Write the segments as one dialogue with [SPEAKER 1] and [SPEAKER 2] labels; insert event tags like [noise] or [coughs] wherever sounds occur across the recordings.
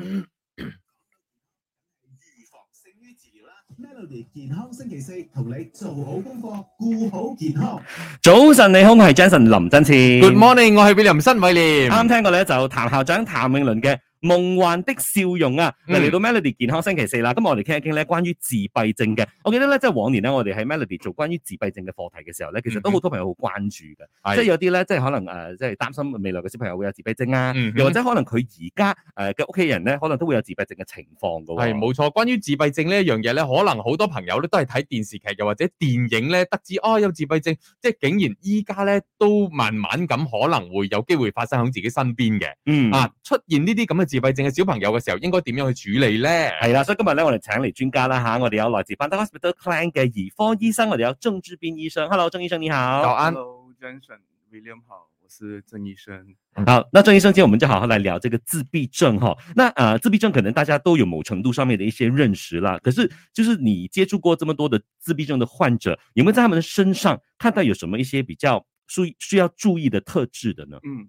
[SPEAKER 1] 預防勝於治療啦，Melody 健康
[SPEAKER 2] 星期四同你做好功課，顧好健康。早晨，你好，我係 Jason 林振千。Good morning，我係 William 新偉廉。啱聽過咧就譚校長譚詠麟嘅。夢幻的笑容啊，嚟到 Melody 健康星期四啦。嗯、咁我哋傾一傾咧，關於自閉症嘅。我記得咧，即、就、係、是、往年咧，我哋喺 Melody 做關於自閉症嘅課題嘅時候咧，其實都好多朋友好關注嘅，即、嗯、係、就是、有啲咧，即、就、係、是、可能誒，即係擔心未來嘅小朋友會有自閉症啊，又、嗯、或者可能佢而家誒嘅屋企人咧，可能都會有自閉症嘅情況噶、啊。係冇錯，關於自閉症這一呢一樣嘢咧，可能
[SPEAKER 1] 好多朋友咧都係睇電視劇又或者電影咧，得知哦有自閉症，即係竟然依家咧都慢慢咁可能會有機會發生喺自己身邊嘅、嗯。啊，出現呢啲
[SPEAKER 2] 咁嘅。自閉症嘅小朋友嘅時候，應該點樣去處理呢？係啦，所以今日咧，我哋請嚟專家啦吓、啊，我哋有來自 Pantai Hospital Klang 嘅兒科醫生，我哋有鄭志斌醫生。Hello，鄭醫生你好。早安。Hello，Johnson，William，好，我是鄭醫生、嗯。好，那鄭醫生，今天我們就好好來聊這個自閉症。哈，那、呃、自閉症可能大家都有某程度上面的一些認識啦。可是，就是你接觸過這麼多的自閉症的患者，有冇在他們身上看到有什麼一些比較需需要注意的特質的呢？嗯。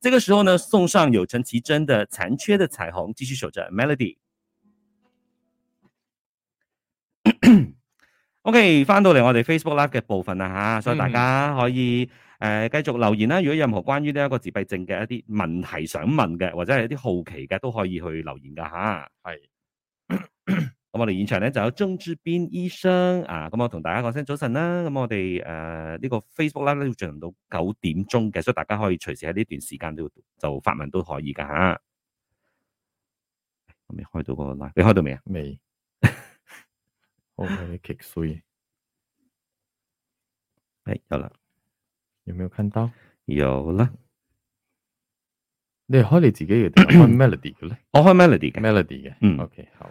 [SPEAKER 2] 這個時候呢，送上有陳綺貞的殘缺的彩虹，繼續守着 melody。 [coughs] OK，翻到嚟我哋 Facebook Live 嘅部分啊吓，所以大家可以誒、呃、繼續留言啦、啊。如果任何關於呢一個自閉症嘅一啲問題想問嘅，或者係一啲好奇嘅，都可以去留言噶吓，係、啊。 [coughs] 咁我哋現場咧就有鍾志邊醫生啊，咁我同大家講聲早晨啦。咁我哋誒呢個 Facebook live 啦都要進行到九點鐘嘅，所以大家可以隨時喺呢段時間都就發問都可以噶吓。我未、啊、開到嗰個 live？你開到未啊？未。 [laughs] 我開咗啲 K 線。
[SPEAKER 1] [laughs] 有了。有冇有看到？
[SPEAKER 2] 有了。
[SPEAKER 1] 你係開你自己嘅， [coughs] 定係開 Melody 嘅咧？
[SPEAKER 2] 我開 Melody 嘅。Melody 嘅。嗯。OK，好。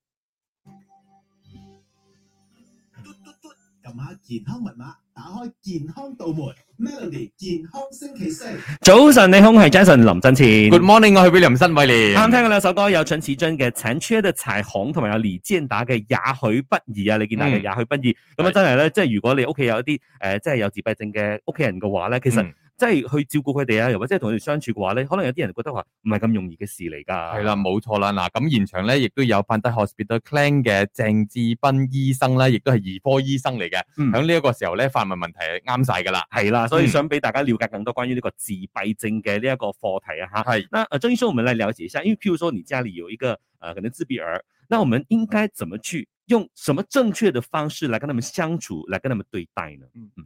[SPEAKER 2] 健康密碼，打開健康道門。 [music] Melody 健康星期四，早晨你好，係 Jason 林振千。Good morning，我去俾林振偉你。啱 [music] 聽嘅兩首歌，有陳始尊嘅《請出得柴行》，同埋有李健打嘅《也許不易》啊，你見到嘅《也許不易》。咁、嗯、啊，真係咧，即係如果你屋企有一啲誒，即、呃、係、就是、有自閉症嘅屋企人嘅話咧，其實、嗯。即係去照顧佢哋啊，又或者同佢哋相處嘅話咧，可能有啲人覺得話唔係咁容易嘅事嚟噶。係啦，冇錯啦。
[SPEAKER 1] 嗱，咁現場咧亦都有得 hospital clan 嘅鄭志斌醫生咧，亦都係兒科
[SPEAKER 2] 醫生嚟嘅。喺呢一個時候咧，發問問題係啱晒噶啦，係啦。所以想俾大家了解更多關於呢個自閉症嘅呢一個課題啊，哈。係。那誒，鄭醫生，我們來了解一下，因為譬如說你家裏有一個誒、呃、可能自閉兒，那我們應該怎麼去、嗯、用什麼正確的方式嚟跟他們相處，嚟跟他們對待呢？嗯嗯。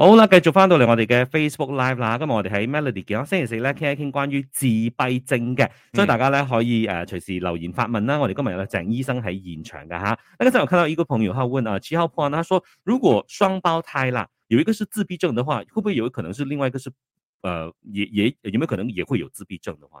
[SPEAKER 2] 好啦，繼續返到嚟我哋嘅 Facebook Live 啦，今日我哋喺 Melody 健康，星期四咧傾一傾關於自閉症嘅、嗯，所以大家咧可以誒、呃、隨時留言發問啦。我哋今日咧鄭醫生喺現場噶吓，剛才我看到一個朋友佢問啊，七、呃、號破案，他說如果雙胞胎啦，有一個是自閉症嘅話，會不會有可能是另外一個是，誒、呃，也也有沒有可能也會有自閉症嘅話？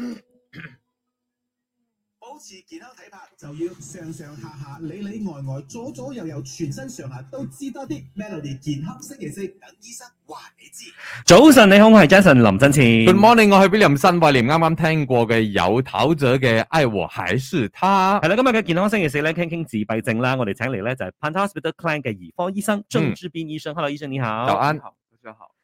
[SPEAKER 1] 次健康睇法就要上上下下裏裏外外左左右右全身上下都知多啲 Melody 健康星期四等醫生話你知。早晨你好，我係 Jason 林振前。Good morning，我去邊林新概念啱啱
[SPEAKER 2] 聽過嘅有頭者嘅愛和。哎、我還是他。係啦，今日嘅健康星期四咧，傾傾自閉症啦。我哋請嚟咧就係 Pantai Hospital Klang 嘅兒科醫生鄭志斌醫生、嗯。Hello，醫生你好。早安。大家好。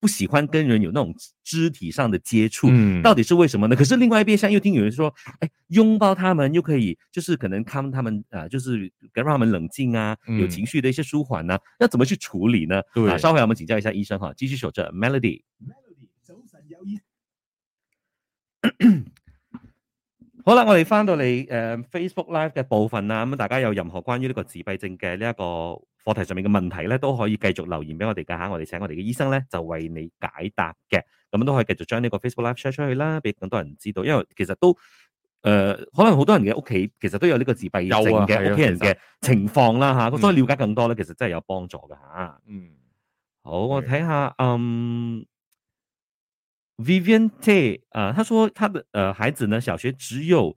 [SPEAKER 2] 不喜歡跟人有那種肢體上的接觸，嗯、到底是為什麼呢？可是另外一邊廂，又聽有人說，哎，擁抱他們又可以，就是可能看他們，啊、呃，就是，讓他們冷靜啊、嗯，有情緒的一些舒緩啊，要怎麼去處理呢？啊，稍後我們請教一下醫生哈，繼續守着 Melody。Melody，早
[SPEAKER 1] 晨
[SPEAKER 2] 咳咳好啦，我哋返到嚟、呃、Facebook Live 嘅部分啊，咁、嗯、大家有任何關於呢個自閉症嘅呢一個。課題上面嘅問題咧，都可以繼續留言俾我哋噶吓，我哋請我哋嘅醫生咧就為你解答嘅，咁都可以繼續將呢個 Facebook Live share 出去啦，俾更多人知道，因為其實都誒、呃，可能好多人嘅屋企其實都有呢個自閉症嘅屋企人嘅情況啦吓，咁、啊、所以了解更多咧，其實真係有幫助噶啊。
[SPEAKER 1] 嗯，
[SPEAKER 2] 好，我睇下，嗯、um,，Vivian Te，啊、呃，他說他的誒孩子呢，小學只有。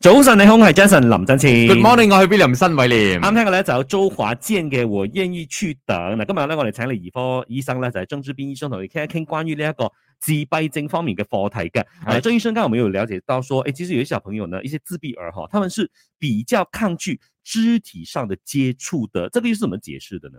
[SPEAKER 2] 早晨，你好，我係 Jason 林振前。Good morning，我去 William 新偉廉。啱聽嘅咧就有周華健嘅我願意去等。嗱，今日咧我哋請嚟兒科醫生咧就係鄭志斌醫生同你傾一傾關於呢一個自閉症方面嘅課題嘅。誒，鄭、啊、醫生，啱啱有冇有了解到說，誒，其實有啲小朋友呢，一些自閉兒哈，他們是比較抗拒肢體上的接觸的，這個又是怎麼解釋的呢？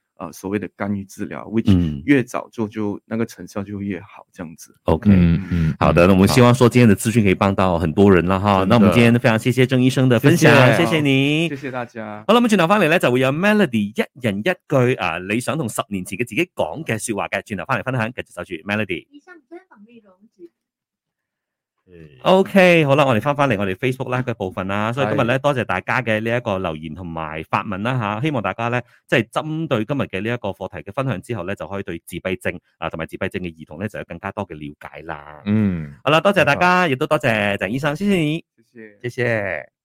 [SPEAKER 3] 啊，所謂的干預治療，which、嗯、越早做就那個成效就越好，這樣子。
[SPEAKER 2] OK，嗯嗯，好的、嗯，那我們希望說今天的資訊可以幫到很多人啦，哈。那我們今天非常謝謝鄭醫生的分享，謝謝謝謝，哎，謝謝你，謝謝大家。好啦咁轉頭翻嚟呢，就會有 Melody 一人一句啊，理想同十年前嘅自，自己講嘅說話嘅轉頭翻嚟分享，繼續守住 Melody。O、okay, K，好啦，我哋翻翻嚟我哋 Facebook 啦嘅部分啦，所以今日咧多謝大家嘅呢一個留言同埋發問啦吓，希望大家咧即係針對今日嘅呢一個課題嘅分享之後咧，就可以對自閉症啊同埋自閉症嘅兒童咧就有更加多嘅了解啦。嗯，好啦，多謝大家，亦、嗯、都多謝鄭醫生，謝謝你，謝謝，謝謝。